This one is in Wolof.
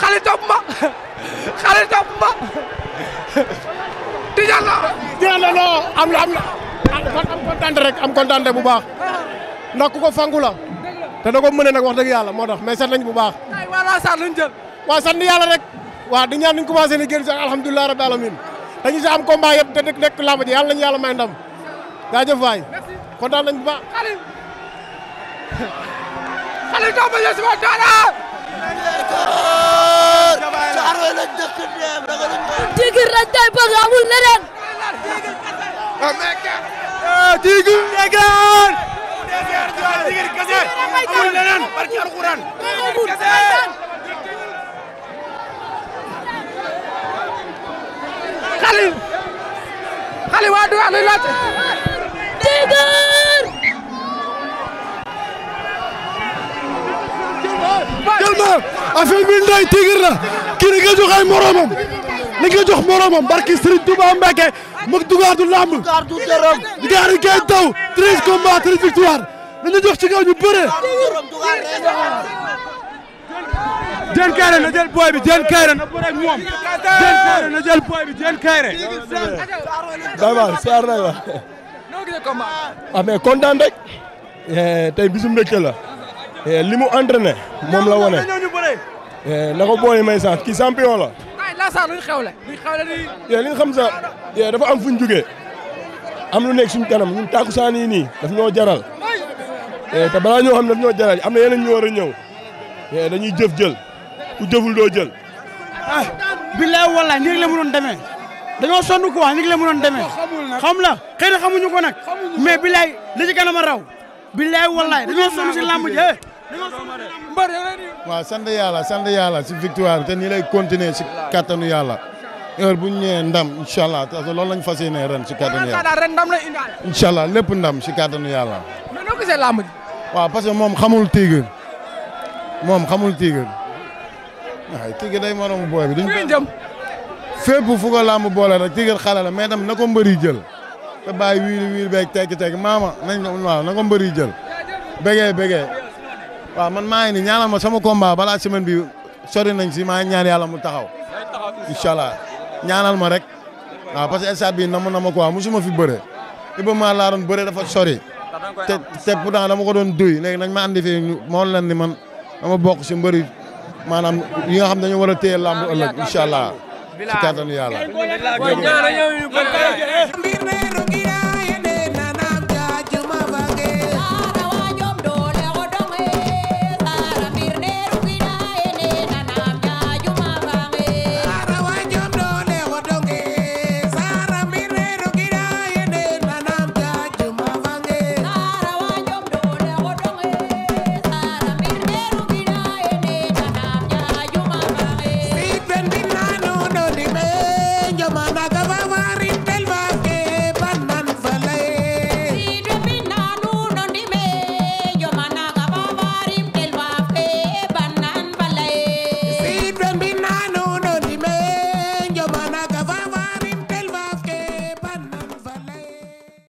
xale ma xale ma Tidiane la. la non am na am na am kontaan rek am kontaan bu baax ndax ko fangu la te ko mënee nag wax dëgg yàlla moo tax mais sant bu baax. waaw sant nañ jël. waaw sant yàlla rek waaw di ñaan ñu commencé ni génn si alhamdulilah rabbi alamin dañu si am combat yëpp te dëkk dëkk làmb ji yàlla nañu yàlla may ndam jaajëf waay kontaan bu baax. Tigre dañ koy bëgg amul leneen. Eh, Tigre Dégueur. Tigre kese amul leneen barki alxuraan. Xali xali waa Douane laajte. Tigre. jël na affaire bi ndoy tigir la jox ay moromam da nga jox moromam barki Serigne Touba Mbacke mag dugaar du lamb dugaar yi kay taw treize combats treize victoire dañu jox ci kaw ñu bëre Diène Kaïré na jël booy bi Diène Kaïré na bëre ak moom Diène Kaïré na jël booy ah, eh, la Eh, li mu entraîné moom la wone eh, na ko booy may sax kii champion la. laasaa luñ xewle. luñ eh, xam sa dafa am fu ñu jugee am lu nekk suñ kanam ñun tàkkusaan yi nii daf ñoo jaral te balaa ñoo xam daf ñoo jaral am na yeneen ñu war a ñëw dañuy jëf jël ku jëful doo jël. ah billaay wallaay nii rek la mënoon demee dañoo sonn quoi nii rek la mënoon demee xam la xëy xamuñu ko nag mais billaay li ci kanam a raw billaay wallaay dañoo sonn si làmb waaw sant yàlla sant yàlla si victoire bi te nii lay continuer si kattanu yàlla heure bu ñu ndam incha allah parce que loolu lañ fas yéenee ren si kattanu yàlla incha allah lépp ndam si kattanu yàlla. mais noo gisee làmb ji. waaw parce que moom xamul Tigre moom xamul Tigre waaye Tigre day moromu booy bi. duñ jëm fépp fu ko làmb boole rek Tigre xale na ko jël. te bàyyi wiiri maama na ko mbëri jël. bégee bégee. waaw man maa ngi ni ñaanal ma sama combat balaa semaine bi sori nañ si maa ngi ñaan yàlla mu taxaw incha allah ñaanal ma rek waaw parce que stade na namm na ma quoi musuma fi bëre Iba Mar laa doon bëre dafa sori te te pourtant dama ko doon duy léegi nañ ma andi fii moo leen ni man dama bokk si mbëri maanaam yi nga xam dañu war a téye làmb ëllëg incha allah si kàttanu yàlla